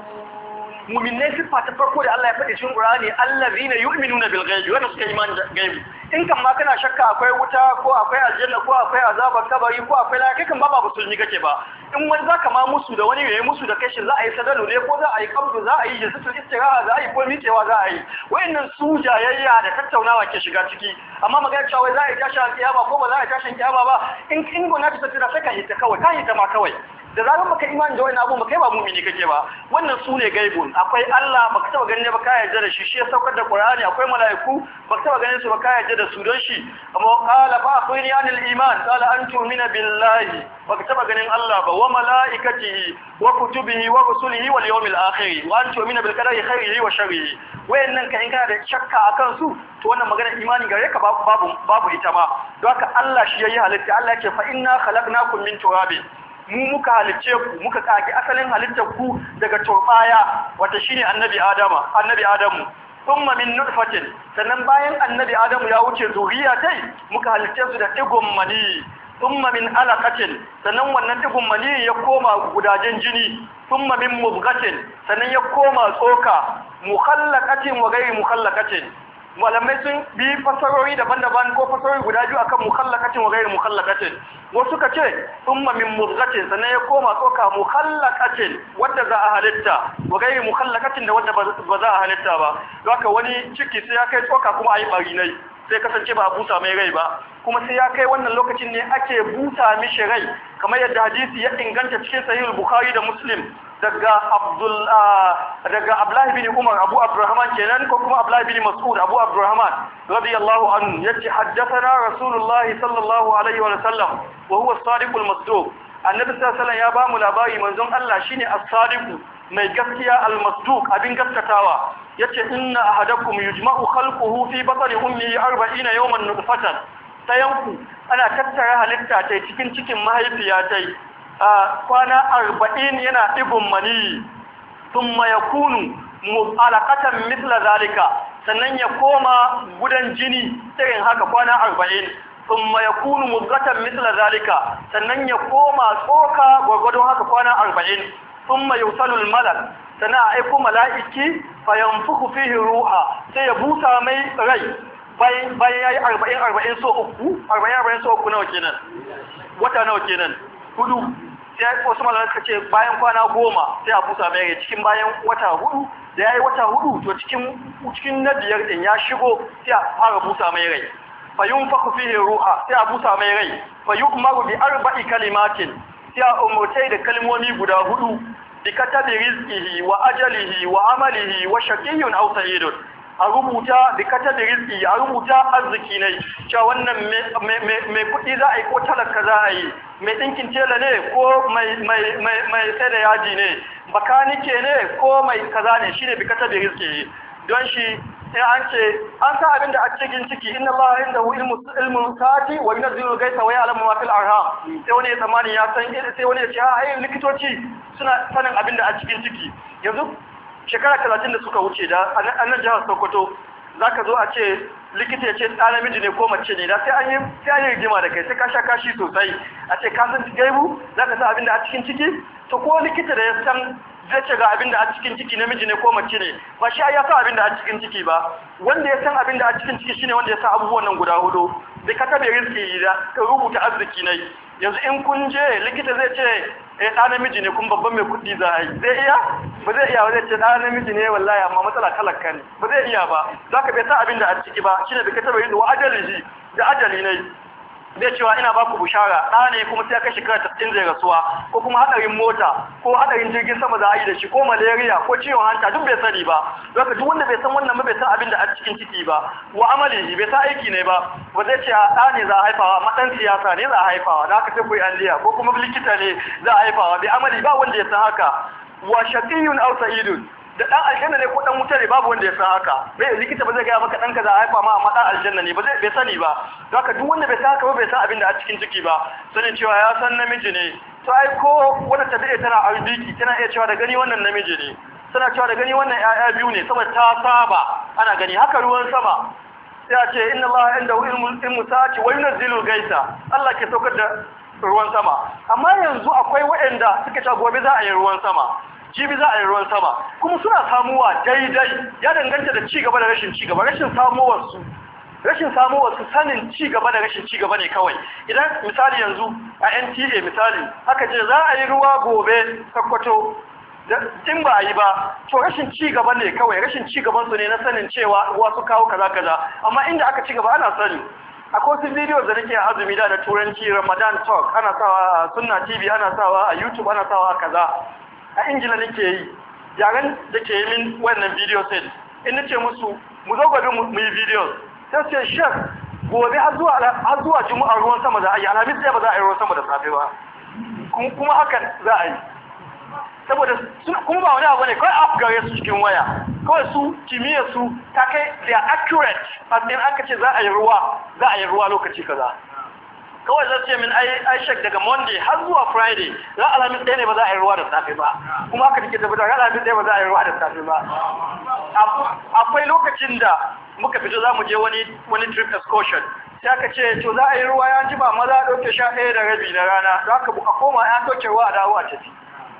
mu'minai siffa ta farko da Allah ya faɗi cikin Qur'ani allazina yu'minuna bil ghaibi wa suka iman da gaibi in kan ma kana shakka akwai wuta ko akwai aljanna ko akwai azabar kabari ko akwai kai kan ba babu musulmi kake ba in wani zaka ma musu da wani yayi musu da kashin za a yi sadalu ne ko za a yi kabdu za a yi jisatul istiraha za a yi ko mitewa za a yi wayannan su jayayya da tattaunawa ke shiga ciki amma magana cewa za a yi tashin kiyama ko ba za a yi tashin kiyama ba in kin gona ta tsira sai ka hita kawai ka hita ma kawai da zarar baka imani da wannan abu kai ba mu'mini kake ba wannan su ne gaibun akwai Allah baka taba ganin ba ka yarda da shi shi ya saukar da Qur'ani akwai mala'iku baka taba ganin su ba ka yarda da su don shi amma qala fa akhbirni anil iman qala an tu'mina billahi baka taba ganin Allah ba wa mala'ikatihi wa kutubihi wa rusulihi wal yawmil akhir wa an tu'mina bil qadari khairihi wa sharrihi wayannan ka in kana da shakka akan su to wannan magana imani gare ka babu babu ita ma don haka Allah shi yayi halitta Allah ke fa inna khalaqnakum min turabin mu muka halicce ku muka kage asalin halittar ku daga turbaya wata shine annabi adama annabi adamu thumma min nutfatin sannan bayan annabi adamu ya wuce zuriya tai muka halicce su da digon mani thumma min alaqatin sannan wannan digon mani ya koma gudajen jini thumma min mubghatin sannan ya koma tsoka mukhallaqatin wa ghayri mukhallaqatin malamai sun bi fasarori daban-daban ko fasarori guda biyu akan mukhallaqatin wa ghairu mukhallaqatin wasu ka ce umma min murghatin sannan ya koma tsoka mukhallaqatin wadda za a halitta wa ghairu mukhallaqatin da wadda ba za a halitta ba haka wani ciki sai ya kai tsoka kuma ayi bari nai sai kasance ba a busa mai rai ba kuma sai ya kai wannan lokacin ne ake buta mishi rai kamar yadda hadisi ya inganta cikin sahihul bukhari da muslim daga abdul ah, daga abdullahi bin umar abu abdurrahman kenan ko kuma abdullahi bin mas'ud abu abdurrahman radiyallahu anhu yace haddathana rasulullahi sallallahu alaihi wa sallam wa huwa as-sadiqul masduq annabi sallallahu alaihi ya ba mu labari manzon Allah shine as-sadiqu mai gaskiya al-masduq abin gaskatawa yace inna ahadakum yujma'u khalquhu fi batni ummihi 40 yawman nutfatan ɗayanku ana tattara halitta ta cikin cikin mahaifiya ta a kwana arba'in yana ibin mani, sun ya kunu alaƙatan mitla zalika sannan ya koma gudan jini irin haka kwana arba'in sun ya kunu muzgatan mitla zalika sannan ya koma tsoka gwargwadon haka kwana arba'in sun mai yusalul malak sana aiku mala'iki fayan fuku fihin ruha sai ya busa mai rai bayan ya yi arba'in 40 so uku arba'in 40 so uku nawa kenan wata nawa kenan hudu sai wasu malamai suka ce bayan kwana goma sai a busa mai cikin bayan wata hudu da ya yi wata hudu to cikin na biyar din ya shigo sai a fara busa mai rai fa yunfaku fihi ruha sai a busa mai rai fa yukmaru bi arba'i kalimatin sai a umurtai da kalmomi guda hudu bi katabi rizqihi wa ajalihi wa amalihi wa shaqiyyun aw sa'idun a rubuta da kata da rizki a rubuta arziki ne cewa wannan mai kuɗi za a yi ko talaka za a yi mai ɗinkin tela ne ko mai sai da yaji ne bakanike ne ko mai kaza ne shine bi kata da rizki don shi sai an ce an sa abin da a cikin ciki inna Allah inda hu ilmu ilmu sati wa zuru gaisa wa ya'lamu ma fil arham sai wani ya tsamani ya san sai wani ya ce ha likitoci suna sanin abin da a cikin ciki yanzu shekara talatin da suka wuce da a nan jihar sokoto za ka zo a ce likita ya ce ɗa namiji ne ko mace ne da sai an yi rigima da kai sai ka sha kashi sosai a ce ka san gaibu za ka sa abin da a cikin ciki to ko likita da ya san zai ce ga abin da a cikin ciki namiji ne ko mace ne ba shi ya san abin da a cikin ciki ba wanda ya san abin da a cikin ciki shine wanda ya san abubuwan nan guda hudu da ka tabe rizki da ka rubuta arziki na yanzu in kun je likita zai ce eh ɗa namiji ne kuma babban mai kuɗi za a yi zai iya ba zai iya ba ce ɗa namiji ne wallahi amma matsala kalakka ne ba zai iya ba za ka bai ta abin da a ciki ba shi ne da ka taba yin wa shi da ajali ne zai cewa ina baku bushara ɗa ne kuma sai aka shekara tasirin zai rasuwa ko kuma haɗarin mota ko haɗarin jirgin sama za a yi da shi ko malaria ko ciwon hanta duk bai sani ba zaka duk wanda bai san wannan ba bai san abin da a cikin ciki ba wa amali ne bai san aiki ne ba ba zai ce a ne za a haifawa maɗan siyasa ne za a haifawa da aka sai ku yi alliya ko kuma likita ne za a haifawa bai amali ba wanda ya san haka wa shaqiyun aw sa'idun da dan aljanna ne ko dan wuta ne babu wanda ya san haka bai likita ba zai gaya maka dan kaza haifa ma amma dan aljanna ne ba zai bai sani ba haka duk wanda bai san haka ba bai san abin da a cikin ciki ba sanin cewa ya san namiji ne to ai ko ta tabi'a tana arziki tana iya cewa da gani wannan namiji ne tana cewa da gani wannan 'ya'ya biyu ne saboda ta saba ana gani haka ruwan sama sai a ce inna allaha indahu ilmu sa'ati wa yunzilu gaisa Allah ke saukar da ruwan sama amma yanzu akwai waɗanda suke ce gobe za a yi ruwan sama jibi za a yi ruwan sama kuma suna samuwa daidai ya danganta da cigaba da rashin cigaba rashin samuwarsu rashin samuwar su sanin cigaba da rashin cigaba ne kawai idan misali yanzu a nta misali haka ce za a yi ruwa gobe kakkwato in ba a yi ba to rashin cigaba gaba ne kawai rashin ci gaban su ne na sanin cewa ruwa su kawo kaza kaza amma inda aka ci gaba ana sani a wasu bidiyo da nake azumi da da turanci ramadan talk ana sawa a sunna tv ana sawa a youtube ana sawa a kaza a ingila nake yi yaren da ke yi min wannan video set in nace musu mu zo gobe mu yi video sai ce shek gobe a zuwa har zuwa juma'a ruwan sama za a yi alhamis sai ba za a yi ruwan sama da safe ba kuma haka za a yi saboda kuma ba wani abu ne kawai app gare su cikin waya kawai su kimiyyar su ta kai they are accurate as in aka ce za a yi ruwa za a yi ruwa lokaci kaza kawai za su ce min aishek daga monday har zuwa friday za a alamis ɗaya ne ba za a yi ruwa da safe ba kuma aka jike tabbatar za a ɗaya ba za a yi ruwa da safe ba akwai lokacin da muka fito za mu je wani trip excursion sai aka ce to za a yi ruwa ya ji ba maza a ɗauke sha ɗaya da rabi na rana za ka buka koma ya ɗauke ruwa a dawo a tafi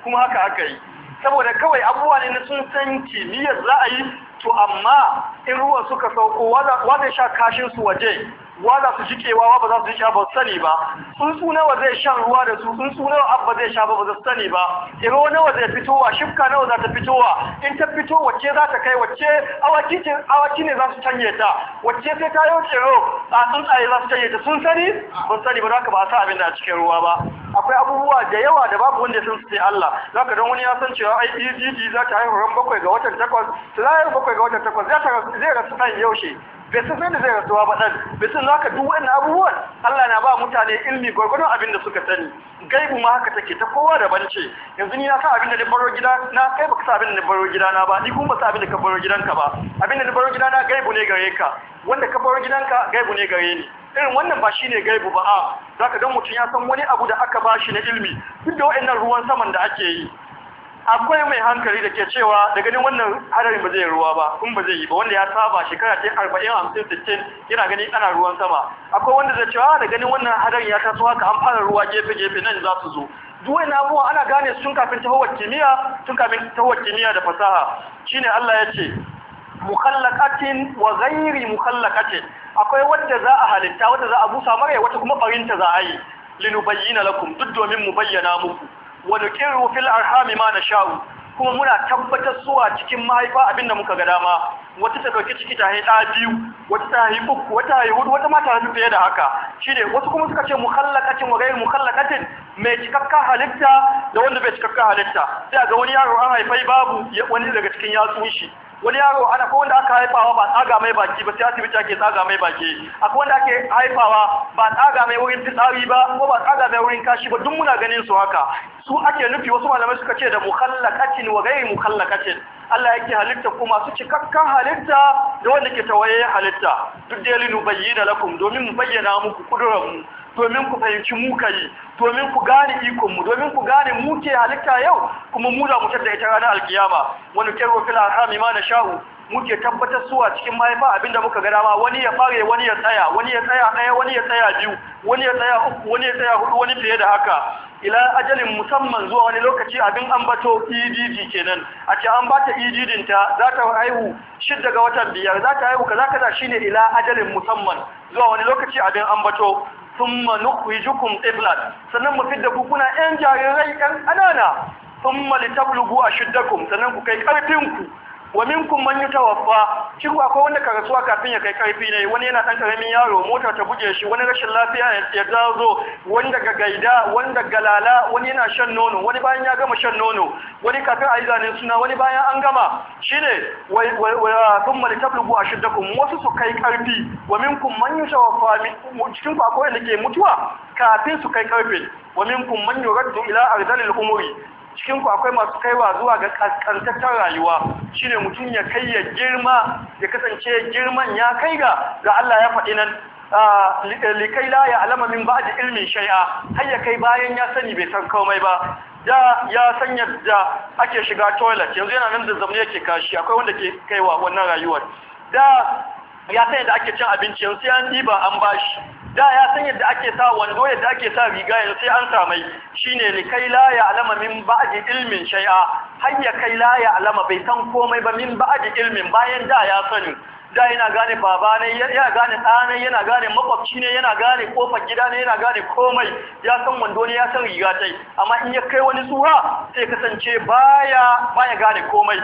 kuma haka aka yi saboda kawai abubuwa ne na sun san kimiyyar za a yi to amma in ruwa suka sauko wa zai sha kashin su waje wa za su jikewa ba za su jikewa ba sani ba tsuntsu nawa zai shan ruwa da su tsuntsu nawa abba zai sha ba ba su sani ba iro nawa zai fitowa shifka nawa za ta fitowa in ta fito wacce za ta kai wacce awaki ne za su canye ta wacce sai ta yi tsiro a tsuntsaye za su canye ta sun sani ba sani ba za ka ba a sa abin da a cikin ruwa ba akwai abubuwa da yawa da babu wanda sun sai Allah za ka don wani ya san cewa IEGG za ta haihu ran bakwai ga watan takwas ta haihu bakwai ga watan takwas zai rasu ɗan yaushe bai san sai da zai rasuwa ba ɗan bai san ka duk wannan abubuwan Allah na ba mutane ilmi gwargwadon abin da suka sani gaibu ma haka take ta kowa da bance yanzu ni na sa abin da na baro gida na kai baka sa abin da na baro gida na ba ni kuma sa abin da ka baro gidanka ba abin da na baro gida na gaibu ne gare ka wanda ka baro gidanka gaibu ne gare ni irin wannan ba shine gaibu ba a zaka dan mutum ya san wani abu da aka bashi na ilmi duk da wa'annan ruwan saman da ake yi akwai mai hankali da ke cewa da ganin wannan hadarin ba zai ruwa ba kun ba zai yi ba wanda ya saba shekara ta arba'in hamsin sittin yana gani ana ruwan sama akwai wanda zai cewa ah, da ganin wannan hadarin ya taso haka an fara ruwa gefe gefe nan za su zo duk wani abubuwa ana gane su tun kafin tahowar kimiyya tun kafin tahowar kimiyya da fasaha shine Allah ya ce mukhallaqatin wa ghairi mukhallaqatin akwai wanda za a halitta wanda za a busa mare wata kuma barinta za a yi linubayyana lakum duk domin mu bayyana muku wani nuqiru fil arhami ma na sha'u, kuma muna tabbatar suwa cikin mahaifa abinda muka ga dama wata ta dauki ciki ta haida biyu wata ta haifi uku wata haifi wata mata fiye da haka Shi ne, wasu kuma suka ce muhallakacin, wa ghayr mai cikakka halitta da wanda bai cikakka halitta sai ga wani yaro an haifai babu wani daga cikin yatsun shi wani yaro ana ko wanda aka haifawa ba tsaga mai baki ba sai asibiti ake tsaga mai baki akwai wanda ake haifawa ba tsaga mai wurin fitsari ba ko ba tsaga mai wurin kashi ba duk muna ganin su haka su ake nufi wasu malamai suka ce da mukhallaqatin wa ghairi mukhallaqatin Allah yake halitta ko masu cikakkan halitta da wanda ke tawaye halitta duk da yalinu bayyana lakum domin mu bayyana muku kudurar mu domin ku fahimci mu kai domin ku gane ikon mu domin ku gane mu ke halitta yau kuma mu da mutar da ita ranar alkiyama wani kirwa fil arhami ma na mu muke tabbatar suwa cikin mahaifa abinda muka ga dama wani ya fare wani ya tsaya wani ya tsaya ɗaya wani ya tsaya biyu wani ya tsaya uku wani ya tsaya hudu wani fiye da haka ila ajalin musamman zuwa wani lokaci abin ambato EDD kenan a ce an bata EDD ta za ta haihu shidda ga watan biyar za ta haihu kaza kaza shine ila ajalin musamman zuwa wani lokaci abin ambato thumma nukhrijukum iblad sannan mu fidda ku kuna yan jarirai yan anana thumma litablugu ashuddakum sannan ku kai karfin ku wa minkum man yutawaffa shi ko akwai wanda karasuwa kafin ya kai karfi ne wani yana dan karamin yaro mota ta buge shi wani rashin lafiya ya dazo wani daga gaida wani daga lala wani yana shan nono wani bayan ya gama shan nono wani kafin a yi zanen suna wani bayan an gama shi shine wa a ah, shidda ashiddakum wasu su kai karfi wa minkum man yutawaffa cikin ku akwai wanda ke mutuwa kafin su kai karfi wa minkum man yuraddu ila ardalil umuri cikin ku akwai masu kaiwa zuwa ga kaskantaccen rayuwa shine mutum ya kai ya girma ya kasance girman ya kai ga ga Allah ya faɗi nan ah, likai la ya alama min da ilmin shai'a. har ya kai bayan ya sani bai san komai ba da ya san yadda ake shiga toilet yanzu yana nan da zamani yake kashi akwai wanda ke kaiwa wannan rayuwar da ya san yadda ake cin abinci yanzu ya ba an bashi da ya san yadda ake sa wando yadda ake sa riga yanzu sai an samai shine li kai la alama min ba'di ilmin shay'a har ya kai la ya alama bai san komai ba min ba'di ilmin bayan da ya sani da yana gane baba ne yana gane ɗa yana gane makwabci ne yana gane kofar gida ne yana gane komai ya san wando ne ya san riga tai amma in ya kai wani zuwa sai kasance baya baya gane komai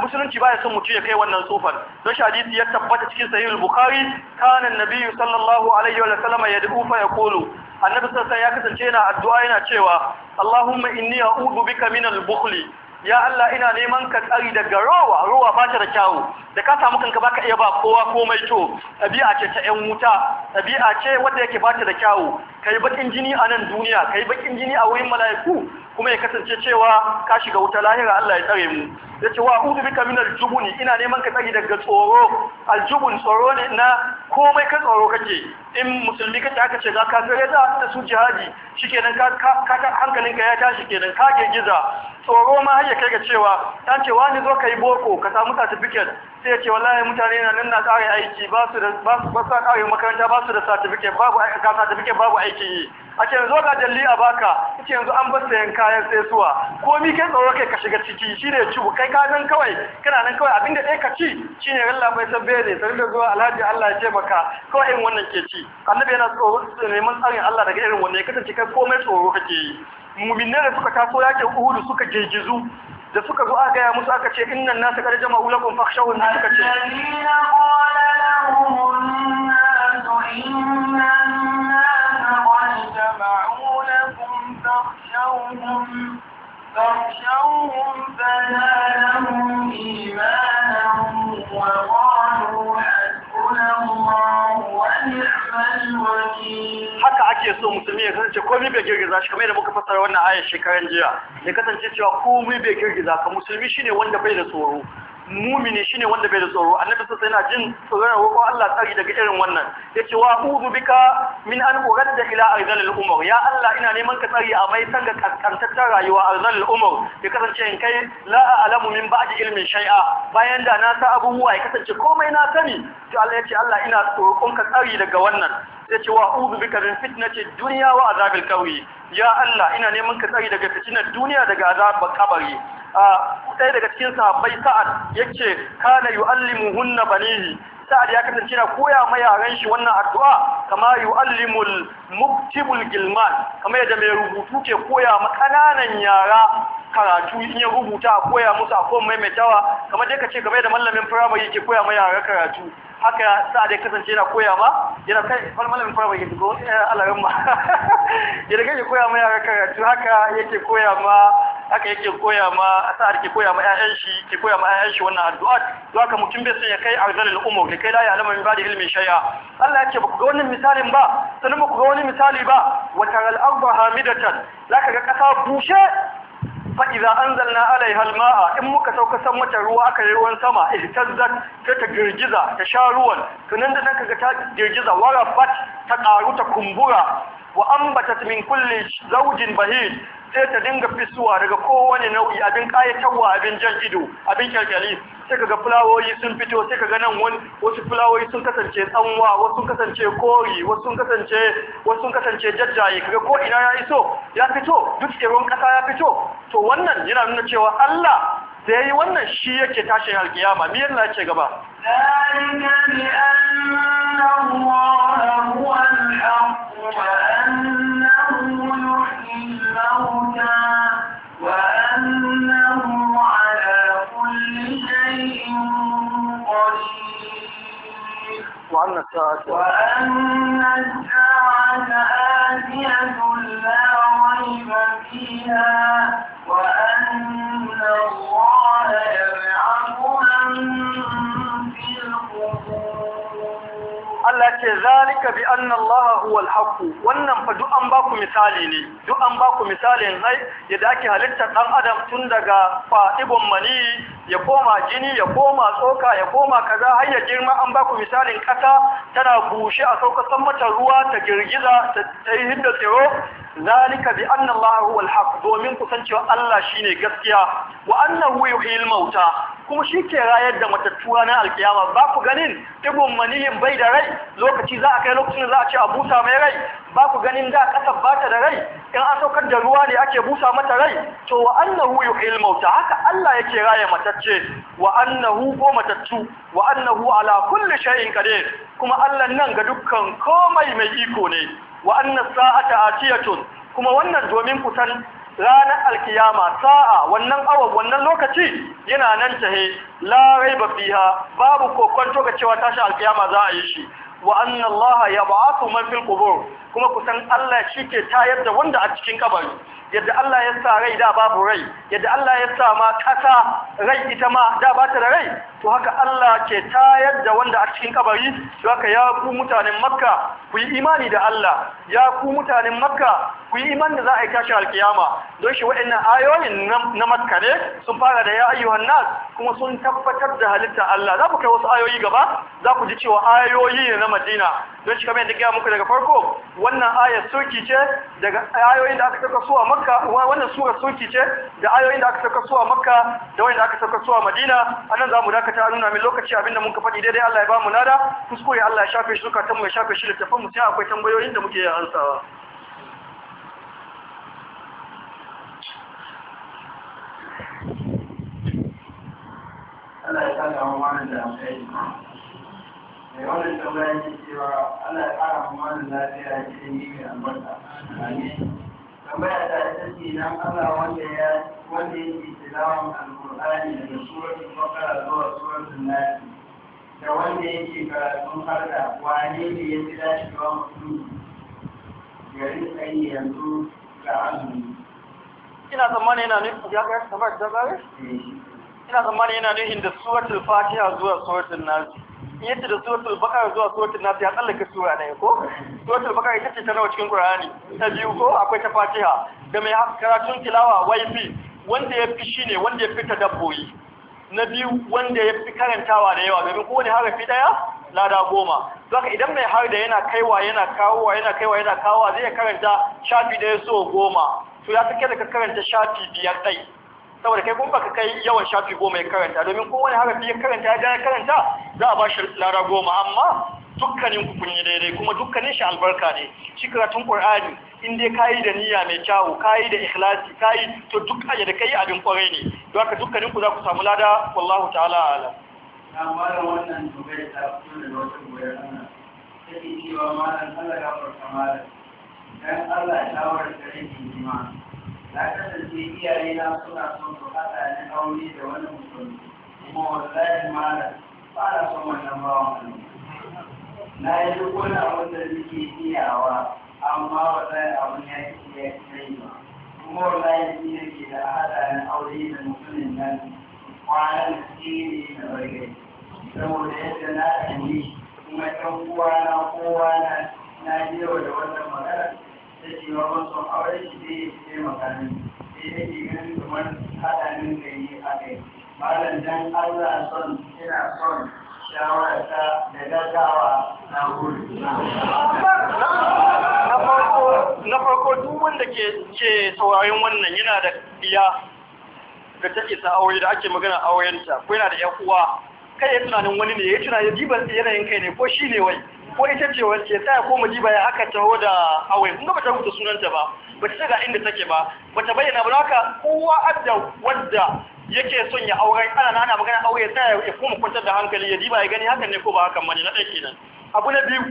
musulunci baya son mutum ya kai wannan tsufan don shi ya tabbata cikin sahihul bukhari kana annabiyyu sallallahu alaihi wa sallam yad'u fa yaqulu annabi sallallahu ya kasance yana addu'a yana cewa allahumma inni a'udhu bika min al bukli ya Allah ina neman ka tsari daga rowa rowa ba ta da kyawu da ka samu kanka baka iya ba kowa komai to ɗabi'a ce ta 'yan wuta ɗabi'a ce wanda yake ba ta da kyawu kai bakin jini a nan duniya kai bakin jini a wurin mala'iku kuma ya kasance cewa ka shiga wuta lahira Allah ya tsare mu yace wa hudu bika minal jubuni ina neman ka tsari daga tsoro aljubun tsoro ne na komai ka tsoro kake in musulmi ka aka ce za ka tsare ta su jihadi shikenan ka ka ka ya tashi kenan ka giza? tsoro ma har ya kai ga cewa ta ce wani zo kai boko ka samu certificate sai ya ce wallahi mutane na nan na kare aiki ba su da ba su ba su kare makaranta ba su da certificate babu ka certificate babu aiki a ce yanzu ga jalli a baka ce yanzu an bar sayan kayan sai suwa ko mi kai tsoro kai ka shiga ciki shine ciwo kai ka nan kawai kana nan kawai abinda ɗaya ka ci shine Allah bai san bere sai da zuwa alhaji Allah ya taimaka kawai irin wannan ke ci annabi yana tsoro neman tsarin Allah daga irin wannan ya kasance kai komai tsoro kake yi mu'minai da suka taso yake uhudu suka gegizu da suka zo aka gaya musu aka ce innan nasu kar jama'u lakum fakhshawun suka ce قد جمعوا لكم فاخشوهم فاخشوهم فنالهم إيمانهم وقالوا حسبنا الله ونعم الوكيل haka ake so musulmi ya kasance komai bai girgiza shi kamar yadda muka fassara wannan ayar shekaran jiya ya kasance cewa komai bai girgiza ka musulmi shine wanda bai da tsoro mumini shine wanda bai da tsoro annabi sai yana jin tsoron roƙon Allah tsari daga irin wannan yace wa a'udhu bika min an uradda ila al umur ya Allah ina neman ka tsari a mai sanga kaskantaccen rayuwa al umur ya kasance in kai la a'lamu min ba'di ilmin shay'a bayan da na sa abubuwa ya kasance komai na sani to Allah yace Allah ina roƙon ka tsari daga wannan ce wa a'udhu bika min ce duniya wa azabin qabri ya Allah ina neman ka tsari daga fitinar duniya daga azabar kabari ɗaya daga cikin sahabbai sa'ad yace kana hunna banihi sa'ad ya kasance na koya ma yaran shi wannan addu'a kama yu'allimul muktibul gilman kama yadda mai rubutu ke koya ma kananan yara karatu in ya rubuta a koya musu a kowai maimaitawa kamar dai ka ce game da mallamin firamare ke koya ma yara karatu haka sa dai kasance yana koya ma yana kai mallamin malamin ke yake ko eh, alarin ma yana kai koya ma yara karatu haka yake koya ma haka yake koya ma sa'ad ke koya ma ƴaƴan shi ke koya ma ƴaƴan shi wannan addu'a to haka mutum bai san ya kai arzalil umur da kai la ya alama min ba'da ilmin shay'a Allah yake baku ga wannan misalin ba sanin baku ga wani misali ba wa taral arda hamidatan zaka ga kasa bushe fa'iza an zalna alai halma'a in muka sauka san mata ruwa aka yi ruwan sama ihtazzat ta ta girgiza ta sha ruwan tunan da ga ta girgiza warafat ta karu ta kumbura wa ambatat min kulli zaujin bahid sai ta dinga fisuwa daga kowane nau'i abin kayatarwa abin jan ido abin kyalkyali sai kaga fulawoyi sun fito sai kaga nan wani wasu fulawoyi sun kasance tsanwa wasu sun kasance kori wasu sun kasance wasu sun kasance jajjaye kaga ko ina ya iso ya fito duk irin kasa ya fito to wannan yana nuna cewa Allah da yayi wannan shi yake tashin alkiyama me Allah yake gaba ذلك بأن الله هو الحق وأن الموتى وأنه على كل شيء قدير وأن الساعة وأن الساعة آتية لا ريب فيها وأن الله يبقى Allah ce zalika bi anna Allah huwal haqq wannan fa duk an baku misali ne duk an baku misalin hai yadda ake halitta dan adam tun daga fa'ibun mani ya koma jini ya koma tsoka ya koma kaza har ya girma an baku misalin kasa tana bushe a saukar mata ruwa ta girgiza ta yi hidda tsiro zalika bi anna Allah huwa al-haq domin kusancewa Allah shine gaskiya wa annahu al mauta kuma shi ke rayar da matattu ranar alkiyama ba ku ganin ibn manihin bai da rai lokaci za a kai lokacin za a ce a busa mai rai ba ku ganin da kasar ba ta da rai in an saukar da ruwa ne ake busa mata rai to wa annahu al mauta haka Allah yake raye matacce wa annahu ko matattu wa annahu ala kulli shay'in qadir kuma Allah nan ga dukkan komai mai iko ne wa annas sa'ata atiyatun kuma wannan domin kusan ranar alkiyama sa'a wannan awa wannan lokaci yana nan tahe la raiba fiha babu kokon to ga cewa tashi alkiyama za a yi shi wa ya allaha yab'athu man fil qubur kuma kusan Allah shi ke tayar da wanda a cikin kabari yadda Allah ya sa rai da babu rai yadda Allah ya sa ma kasa rai ita ma da ba ta da rai to haka Allah ke tayar da wanda a cikin kabari to haka ya ku mutanen Makka ku yi imani da Allah ya ku mutanen Makka ku yi imani da za a yi tashin alkiyama don shi waɗannan ayoyin na Makka ne sun fara da ya ayyuhan nas kuma sun tabbatar da halitta Allah za ku kai wasu ayoyi gaba za ku ji cewa ayoyi ne na Madina don shi kamar yadda muku daga farko wannan ayar soki ce daga ayoyin da aka saka su a makka wannan sura soki ce da ayoyin da aka saka su a makka da wanda aka saka su a madina anan za mu dakata nuna min lokaci abinda mun ka faɗi daidai Allah ya ba mu nada kuskure Allah ya shafe shi suka tamu ya shafe shi da tafan mu sai akwai tambayoyin da muke ansawa Allah ya kada wannan da mai wannan cewa a cikin albarka ce wanda ya tilawan daga zuwa da wanda karatun wane ne ya fi mutum yi yanzu ina tsammanin yana nufin da zare eh, ina tsammanin yana nufin da suratul fatiha zuwa suratul nazi. yadda da suratul bakara zuwa suratul nas ya tsallaka sura ne ko suratul bakar ita ce ta nawa cikin qur'ani ta biyu ko akwai ta fatiha da mai karatun tilawa waifi wanda ya fi shine wanda ya fi ta dabboyi na biyu wanda ya fi karantawa da yawa domin kowane harafi daya lada goma zaka idan mai har da yana kaiwa yana kawowa yana kaiwa yana kawowa zai karanta shafi daya so goma to ya fi da ka karanta shafi biyar ɗai saboda kai kuma baka kai yawan shafi goma ya karanta domin kowane harafi ya karanta ya ya karanta za a bashi lara goma amma dukkanin ku kun daidai kuma dukkanin shi albarka ne shi karatun qur'ani in dai kayi da niyya mai kyawu kayi da ikhlasi kayi to duk da kai abin kwarai ne don haka dukkanin ku za ku samu lada wallahu ta'ala ala Allah ya da jima'a na kasance iyayena suna son su haɗa ni aure da wani mutum kuma wallahi malam ba na son wannan bawan na yi duk wani abin da nake iyawa amma wallahi abin ya ki ya ki ba kuma wallahi ni nake da haɗa ni aure da mutumin nan kwanan tsiri na bargai saboda yadda na kalli kuma ɗan uwa na kowa na na da wannan magana take mabansu aure shi ne ya ce magani sai yake ganin kamar haɗarin da yi a kai malam dan allah son ina son shawararta da gaggawa na gudu na farko duk wanda ke ke saurayin wannan yana da iya da ta isa aure da ake magana aurenta ko yana da ƴan uwa kai ya tunanin wani ne ya tunanin ya diban yanayin kai ne ko shi ne wai ko ita ce wacce tsaya ko mu jiba ya aka taho da aure. kun ga bata rubuta sunanta ba bata ce ga inda take ba bata bayyana ba haka kowa adda wadda yake son ya aure ana ana magana aure tsaya ya mu kwantar da hankali ya jiba ya gani Haka ne ko ba hakan mani na ɗaya nan. abu na biyu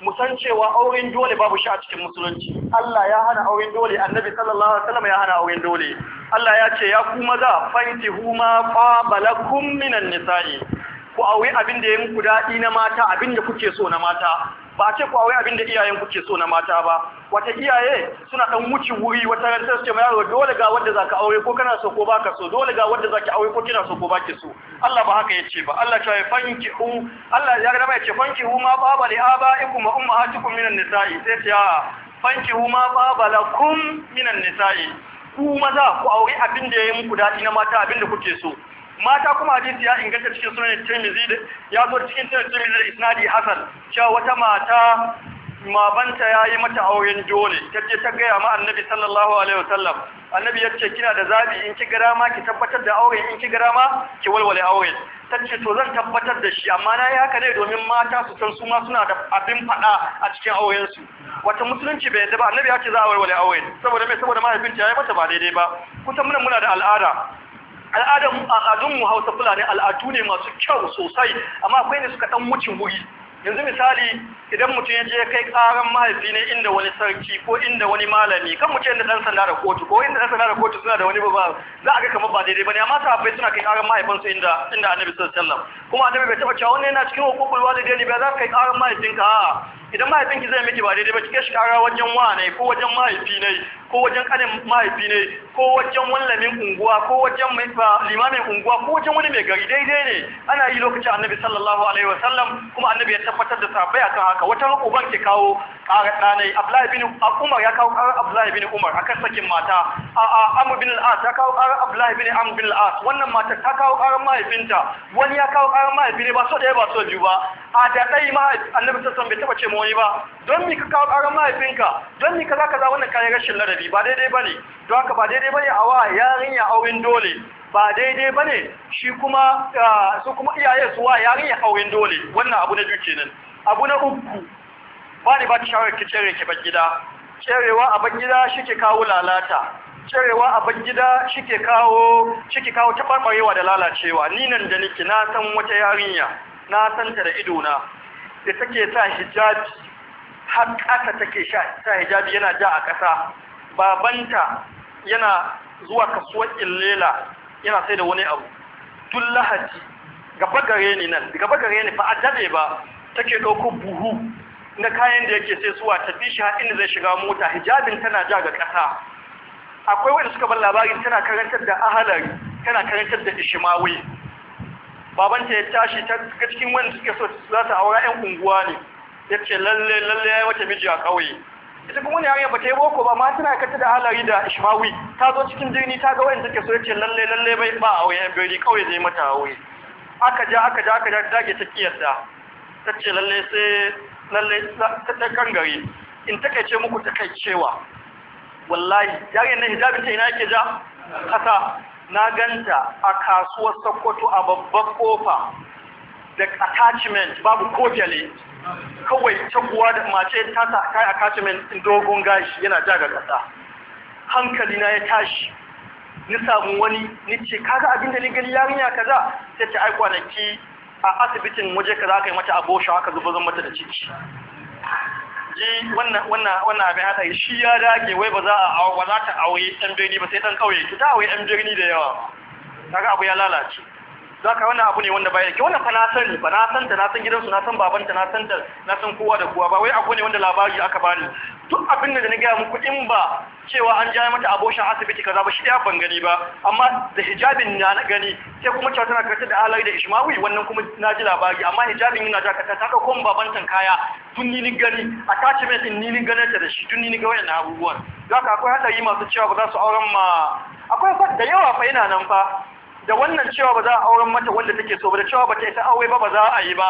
mu san cewa auren dole babu shi a cikin musulunci Allah ya hana auren dole annabi sallallahu alaihi wasallam ya hana auren dole Allah ya ce ya ku maza fankihu fa balakum minan nisa'i ku aure abin da ya muku daɗi na mata abin da kuke so na mata ba ce ku aure abin da iyayen kuke so na mata ba wata iyaye suna dan wuce wuri wata ran sai ma yaro dole ga wanda zaka aure ko kana so ko baka so dole ga wanda zaki aure ko kina so ko baki so Allah ba haka yace ba Allah ta fanki hu Allah ya ga ba ce fanki hu ma baba li aba ikum wa ummahatukum minan nisa'i sai ta fanki hu ma baba lakum minan nisa'i ku maza ku aure abin da ya muku daɗi na mata abin da kuke so mata kuma hadisi ya inganta cikin sunan Tirmidhi da ya zo cikin sunan Tirmidhi da isnadi hasan cewa wata mata mabanta ya yi mata auren dole ta je ta gaya ma annabi sallallahu alaihi wasallam annabi ya ce kina da zabi in ki gara ma ki tabbatar da auren in ki gara ma ki walwale auren ta ce to zan tabbatar da shi amma na yi haka ne domin mata su san su ma suna da abin faɗa a cikin aurensu wata musulunci bai yadda ba annabi ya ce za a walwale auren saboda mai saboda mahaifinta ya yi mata ba daidai ba kusan muna muna da al'ada al'adun mu hausa fulani al'adu ne masu kyau sosai amma akwai ne suka dan mucin wuri yanzu misali idan mutum ya je kai karan mahaifi ne inda wani sarki ko inda wani malami kan mutum inda dan sanda da kotu ko inda dan sanda da kotu suna da wani ba za a ga kamar ba daidai bane amma sahabbai suna kai karan mahaifinsu inda inda annabi sallallahu alaihi wasallam kuma annabi bai taba cewa wannan yana cikin hukukul walidaini ba za ka kai karan mahaifinka a'a idan mahaifinki zai miki ba daidai ba kike shiga kara wajen wa ne ko wajen mahaifi ne ko wajen kanin mahaifi ne ko wajen wani lamin unguwa ko wajen limamin unguwa ko wajen wani mai gari daidai ne ana yi lokacin annabi sallallahu alaihi wasallam kuma annabi ya tabbatar da sahabbai akan haka wata uban ke kawo ƙara ɗanai abdullahi bin umar ya kawo ƙara abdullahi bin umar akan sakin mata amr bin al-as ya kawo ƙara abdullahi bin amr bin al-as wannan mata ta kawo ƙara mahaifinta wani ya kawo ƙara mahaifi ne ba so ɗaya ba so biyu ba a da ɗai mahaifi annabi sallallahu alaihi wasallam bai taɓa ce koyi ba don mi ka kawo ƙarar mahaifinka don mi ka za ka za wannan kayan rashin ladabi ba daidai ba ne don haka ba daidai ba ne a wa yarinya auren dole ba daidai ba ne shi kuma ah, su kuma iyaye su wa yarinya auren dole wannan abu na biyu kenan abu na uku ba ni ba ta shawarar ki cere ki ban gida cerewa a ban gida shi ke kawo lalata cerewa a ban gida shi ke kawo shi ke kawo taɓarɓarewa da lalacewa ni nan da niki na san wata yarinya na san ta da idona da take sa hijabi har ƙasa take sa hijabi yana ja a ƙasa babanta yana zuwa kasuwar illela yana sai da wani abu tun lahadi gaba gare ni nan gaba gare ni fa a daɗe ba take ɗauko buhu na kayan da yake sai suwa tafi shi inda zai shiga mota hijabin tana ja ga ƙasa akwai wanda suka bar labari tana karantar da ahalari tana karantar da ishimawi babanta ya tashi ta cikin wanda suke so za su aura yan unguwa ne ya ce lalle lalle ya wata miji a ƙauye ita kuma ne yarinya ba ta yi boko ba ma tana kata da halari da ishmawi ta zo cikin jirni ta ga wanda take so ya ce lalle lalle bai ba aure yan birni ƙauye zai mata aure aka ja aka ja aka ja dage ta kiyarta ta ce lalle sai lalle ta ta kan gari in kaice muku ta cewa wallahi yayin na hijabin ta ina yake ja kasa na ganta a kasuwar Sokoto a babban kofa da attachment babu kofiyale kawai taguwa da mace ta sa kai attachment dogon gashi yana ja ga kasa hankali na ya tashi ni samu wani ni ce kaga abin da ni gani yarinya kaza sai ta ai kwanaki a asibitin waje kaza ka yi mata abosha ka zuba zan mata da ciki wannan abin abin shi ya dage wai ba za a ba za ɗan birni ba sai ɗan ƙauye ki ta auri ɗan birni da yawa ga abu ya lalace za ka wannan abu ne wanda baya ke wannan fa na sani ba na san na san gidansu na san babanta na san na san kowa da kowa ba wai abu ne wanda labari aka bani duk abin da na gaya muku in ba cewa an jaya mata aboshin asibiti kaza ba shi da ban gani ba amma da hijabin na gani sai kuma cewa tana karta da alayi da ishmawi wannan kuma na ji labari amma hijabin yana ja kata ta kuma babantan kaya tun ni ni gani attachment din ni ni ganin ta da shi tun ni ni ga wayannan abubuwan zaka akwai hadari masu cewa ba za su auren ma akwai da yawa fa yana nan fa da wannan cewa ba za a auren mata wanda take so ba da cewa ba ta isa aure ba ba za a yi ba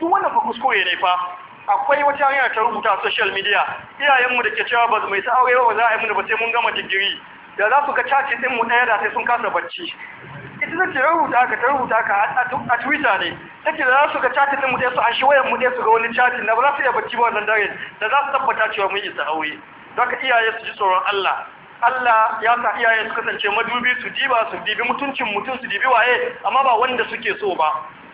duk wannan fa kuskure ne fa akwai wata hanya ta rubuta a social media iyayenmu da ke cewa ba mai isa aure ba za a yi mana ba sai mun gama digiri da za su ga caci din mu ɗaya da sai sun kasa bacci ita ta rubuta ka ta rubuta ka a twitter ne take ce da za su ga caci din mu ɗaya su an shi wayan mu ɗaya su ga wani caci na ba za su iya bacci ba wannan dare da za su tabbata cewa mun isa aure don ka iyaye su ji tsoron Allah Allah ya sa iyaye su kasance madubi su diba su dibi mutuncin mutum su dibi waye amma ba wanda suke so ba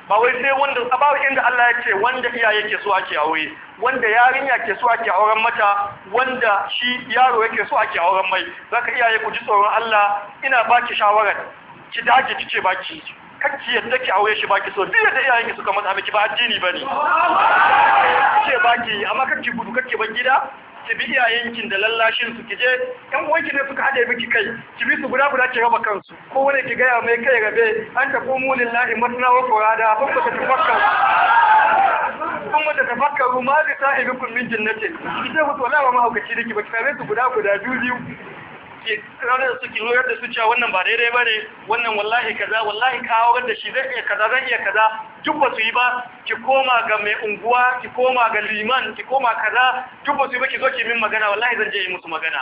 ba wai sai wanda ba inda Allah ya ce wanda iyaye ke so ake aure wanda yarinya ke so ake auren mata wanda shi yaro yake so ake auren mai zaka iyaye ku ji tsoron Allah ina baki shawara ki dage ce baki kacci yadda ki aure shi baki so duk yadda iyayen suka masa miki ba addini bane ce baki amma kacci gudu kacce ban gida ki bi iyayenkin da lallashin su ki je yan uwanki ne suka hade miki kai ki bi su guda guda ki raba kansu ko wani ki gaya mai kai rabe an ta qumu lillahi matna wa qurada fa ku tafakkaru kuma ta tafakkaru ma bi sahibikum min jinnatin ki je ku tola wa mahaukaci ki ba ki same su guda guda biyu biyu ya kare su ki horar da su cewa wannan ba daidai ba ne wannan wallahi kaza wallahi kawo horar da shi zai iya kaza zai iya kaza duk ba su yi ba ki koma ga mai unguwa ki koma ga liman ki koma kaza duk ba su yi ba ki zo ki min magana wallahi zan je yi musu magana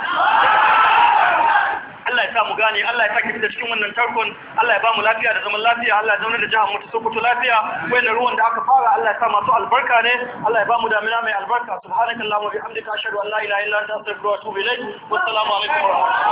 Allah ya sa mu gane Allah ya sa ki fita cikin wannan tarkon Allah ya ba mu lafiya da zaman lafiya Allah ya zauna da jihar mu ta sokoto lafiya wayan ruwan da aka fara Allah ya sa masu albarka ne Allah ya ba mu damina mai albarka subhanakallahumma bihamdika ashhadu an la ilaha illa anta astaghfiruka wa atubu ilaik wassalamu alaikum wa rahmatullahi